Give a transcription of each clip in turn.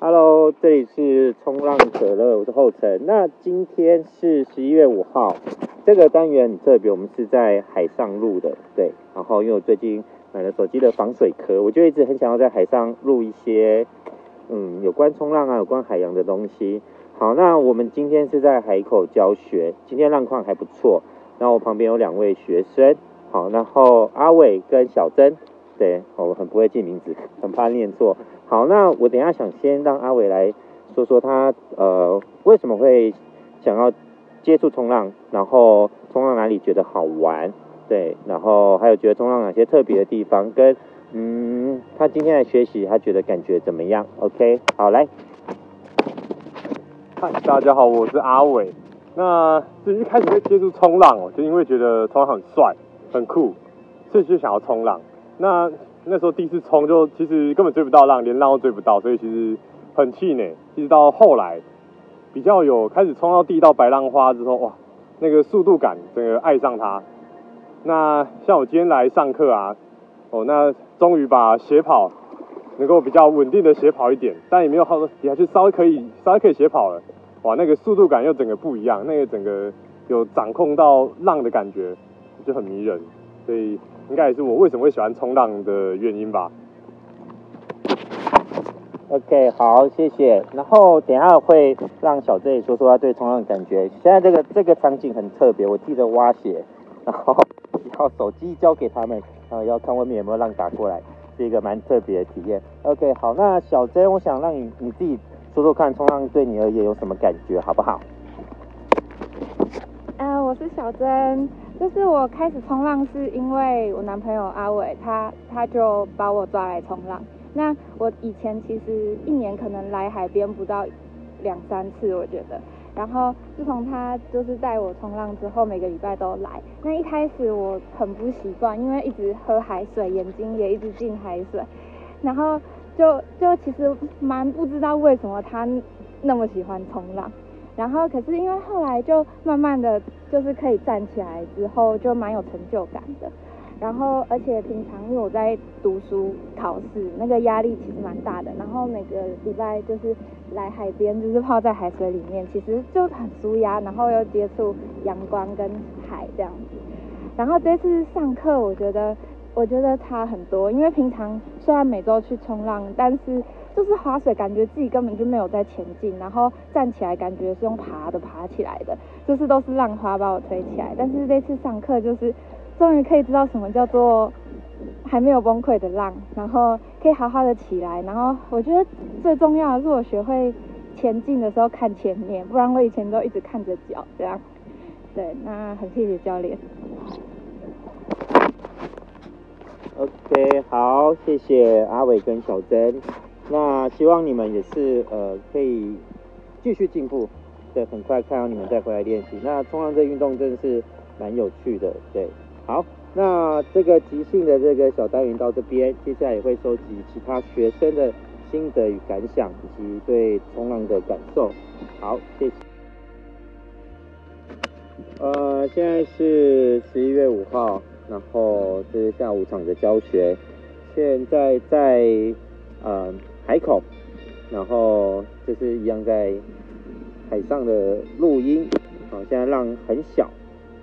哈嘍，Hello, 這裡是衝浪可樂，我是後成。那今天是十一月五號，這個單元很特別，我們是在海上錄的，對。然後因為我最近買了手機的防水殼，我就一直很想要在海上錄一些，嗯，有關衝浪啊，有關海洋的東西。好，那我們今天是在海口教學，今天浪況還不錯。然後我旁邊有兩位學生，好，然後阿偉跟小珍，對，我很不會記名字，很怕念錯。好，那我等一下想先讓阿偉來說說他呃為什麼會想要接觸衝浪，然後衝浪哪裡覺得好玩，對，然後還有覺得衝浪哪些特別的地方，跟嗯他今天來學習他覺得感覺怎麼樣？OK，好來。嗨，大家好，我是阿偉。那自己、就是、一開始會接觸衝浪哦、喔，就因為覺得衝浪很帥、很酷，所以就想要衝浪。那那時候第一次衝就其實根本追不到浪，連浪都追不到，所以其實很氣餒。一直到後來比較有開始衝到第一道白浪花之後，哇，那個速度感整個愛上它。那像我今天來上課啊，哦，那終於把斜跑能夠比較穩定的斜跑一點，但也沒有好多，也還是稍微可以稍微可以斜跑了。哇，那個速度感又整個不一樣，那個整個有掌控到浪的感覺，就很迷人。所以應該也是我為什麼會喜歡衝浪的原因吧。OK，好，謝謝。然後等下會讓小珍也說說他對衝浪的感覺。現在這個這個場景很特別，我記得挖鞋，然後要手機交給他們，然後要看外面有沒有浪打過來，是一個蠻特別的體驗。OK，好，那小珍，我想讓你你自己說說看，衝浪對你而言有什麼感覺，好不好？啊、呃，我是小珍。就是我開始衝浪，是因為我男朋友阿偉，他他就把我抓來衝浪。那我以前其實一年可能來海邊不到兩三次，我覺得。然後自從他就是帶我衝浪之後，每個禮拜都來。那一開始我很不習慣，因為一直喝海水，眼睛也一直進海水，然後就就其實蠻不知道為什麼他那麼喜歡衝浪。然後可是因為後來就慢慢的就是可以站起來之後就蠻有成就感的，然後而且平常因為我在讀書考試那個壓力其實蠻大的，然後每個禮拜就是來海邊就是泡在海水裡面，其實就很舒壓，然後又接觸陽光跟海這樣子，然後這次上課我覺得。我覺得差很多，因為平常雖然每周去衝浪，但是就是划水，感覺自己根本就沒有在前進。然後站起來，感覺是用爬的爬起來的，就是都是浪花把我推起來。但是這次上課就是終於可以知道什麼叫做還沒有崩潰的浪，然後可以好好的起來。然後我覺得最重要的是我學會前進的時候看前面，不然我以前都一直看着腳，這樣。對，那很謝謝教練。OK，好，謝謝阿偉跟小珍。那希望你們也是呃可以繼續進步，對，很快看到你們再回來練習。那衝浪這運動真的是蠻有趣的，對。好，那這個即興的這個小單元到這邊，接下來也會收集其他學生的心得與感想，以及對衝浪的感受。好，謝謝。呃，現在是十一月五號，然後這是下午場的教學，現在在呃海口，然後這是一樣在海上的錄音，好，啊，現在浪很小，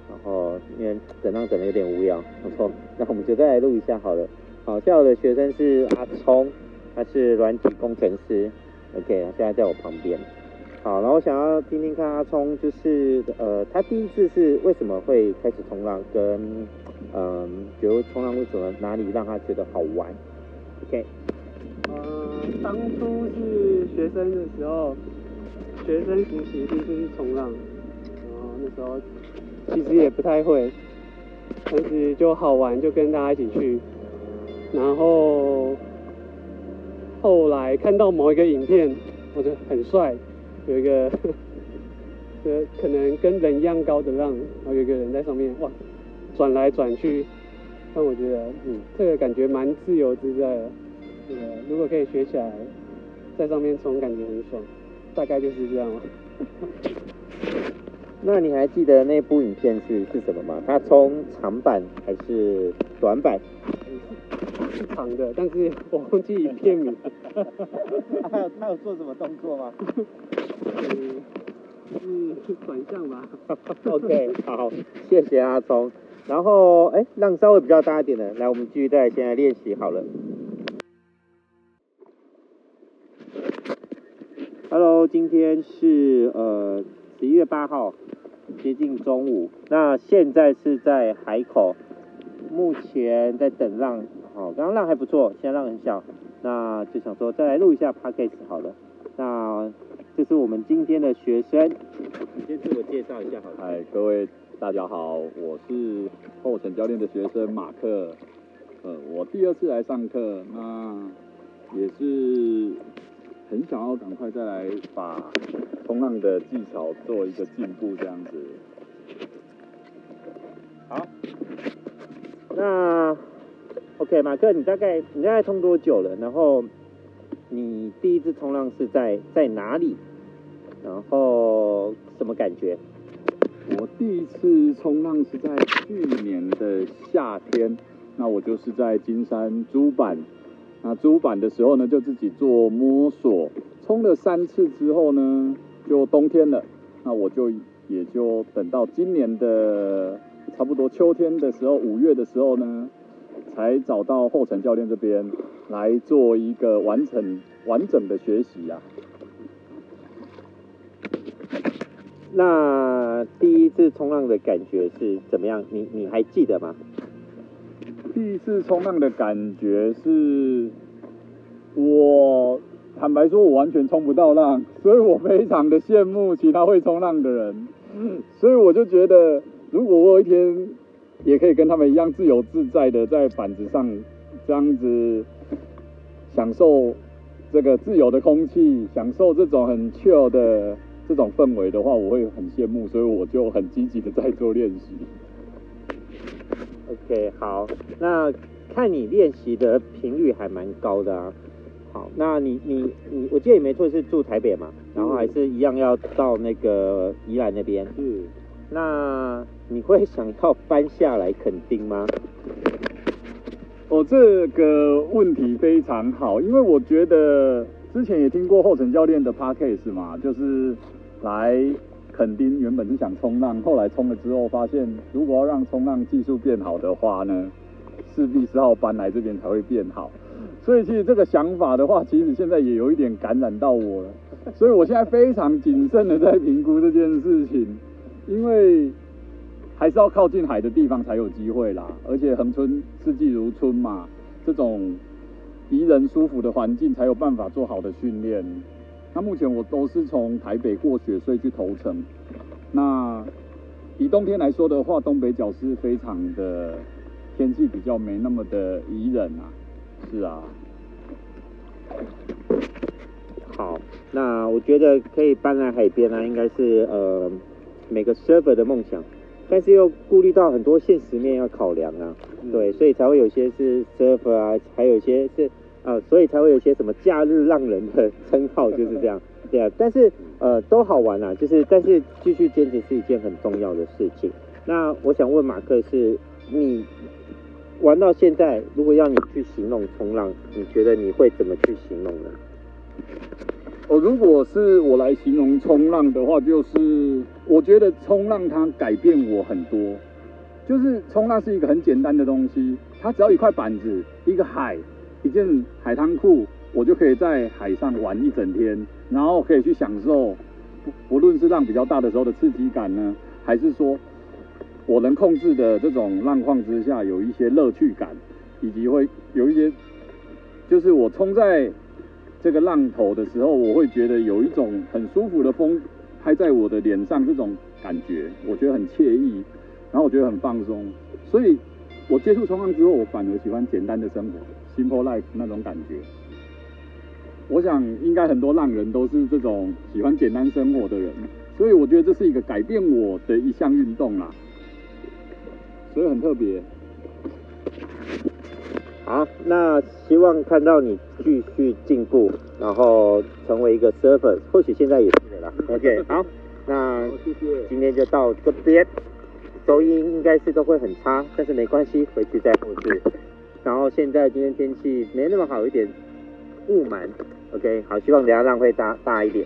然後因為整浪整得有點無聊，好不錯，那我們就再來錄一下好了，好，下午的學生是阿聰，他是軟體工程師，OK，他現在在我旁邊。好，然後想要聽聽看阿聰，就是呃，他第一次是為什麼會開始衝浪，跟嗯，比如衝浪為什麼哪裡讓他覺得好玩？OK。呃，當初是學生的時候，學生時期就是衝浪，然後那時候其實也不太會，但是就好玩，就跟大家一起去。然後後來看到某一個影片，我覺得很帥。有一個呃可能跟人一樣高的浪，然後有一個人在上面哇轉來轉去，但我覺得嗯這個感覺蠻自由自在的，嗯如果可以學起來，在上面衝感覺很爽，大概就是這樣了。那你還記得那部影片是是什麼嗎？它衝長板還是短板？是長的，但是我忘記影片名。他 有他有做什麼動作嗎？嗯，是轉向吧 ？OK，好，謝謝阿聰。然後，哎、欸，浪稍微比較大一點的，來，我們繼續再來先來練習好了。Hello，今天是呃十一月八號，接近中午。那現在是在海口，目前在等浪。好，剛剛浪還不錯，現在浪很小，那就想說再來錄一下 podcast 好了。那這是我們今天的學生，你先自我介紹一下，好。嗨，各位大家好，我是後成教練的學生馬克，呃，我第二次來上課，那也是很想要趕快再來把衝浪的技巧做一個進步這樣子。好，那 OK，馬克，你大概你大概衝多久了？然後你第一次衝浪是在在哪裡？然後什麼感覺？我第一次衝浪是在去年的夏天，那我就是在金山租板，那租板的時候呢，就自己做摸索，衝了三次之後呢，就冬天了，那我就也就等到今年的差不多秋天的時候，五月的時候呢，才找到後成教練這邊來做一個完成完整的學習呀、啊。那第一次衝浪的感覺是怎麼樣？你你還記得嗎？第一次衝浪的感覺是我，我坦白說，我完全衝不到浪，所以我非常的羨慕其他會衝浪的人。所以我就覺得，如果我有一天也可以跟他們一樣自由自在的在板子上這樣子享受這個自由的空氣，享受這種很 chill 的。這種氛圍的話，我會很羨慕，所以我就很積極的在做練習。OK，好，那看你練習的頻率還蠻高的啊。好，那你你你，我記得也沒錯是住台北嘛，然後還是一樣要到那個宜蘭那邊。嗯。那你會想要搬下來墾丁嗎？哦，這個問題非常好，因為我覺得之前也聽過後成教練的 podcast 嘛，就是。來墾丁原本是想衝浪，後來衝了之後發現，如果要讓衝浪技術變好的話呢，勢必是要搬來這邊才會變好。所以其實這個想法的話，其實現在也有一點感染到我了。所以我現在非常謹慎的在評估這件事情，因為還是要靠近海的地方才有機會啦。而且恆春四季如春嘛，這種宜人舒服的環境，才有辦法做好的訓練。那目前我都是從台北過雪隧去頭城。那以冬天來說的話，東北角是非常的天氣比較沒那麼的宜人啊。是啊。好，那我覺得可以搬來海邊啊，應該是呃每個 surfer 的夢想，但是又顧慮到很多現實面要考量啊。嗯、對，所以才會有些是 surfer 啊，還有一些是。呃，所以才會有些什麼“假日浪人”的稱號，就是這樣，對啊。但是呃，都好玩啊，就是但是繼續堅持是一件很重要的事情。那我想問馬克是，你玩到現在，如果讓你去形容衝浪，你覺得你會怎麼去形容呢？哦，如果是我來形容衝浪的話，就是我覺得衝浪它改變我很多，就是衝浪是一個很簡單的東西，它只要一塊板子，一個海。一件海灘褲，我就可以在海上玩一整天，然後可以去享受，不不論是浪比較大的時候的刺激感呢，還是說我能控制的這種浪況之下有一些樂趣感，以及會有一些，就是我衝在這個浪頭的時候，我會覺得有一種很舒服的風拍在我的臉上，這種感覺我覺得很愜意，然後我覺得很放鬆，所以我接觸衝浪之後，我反而喜歡簡單的生活。Simple life 那種感覺，我想應該很多浪人都是這種喜歡簡單生活的人，所以我覺得這是一個改變我的一項運動啦，所以很特別。好，那希望看到你繼續進步，然後成為一個 surfer，或許現在也是的啦。OK，好，那今天就到這邊，收音應該是都會很差，但是沒關係，回去再補救。然後現在今天天氣沒那麼好一點，霧霾，OK，好，希望等下浪會大大一點。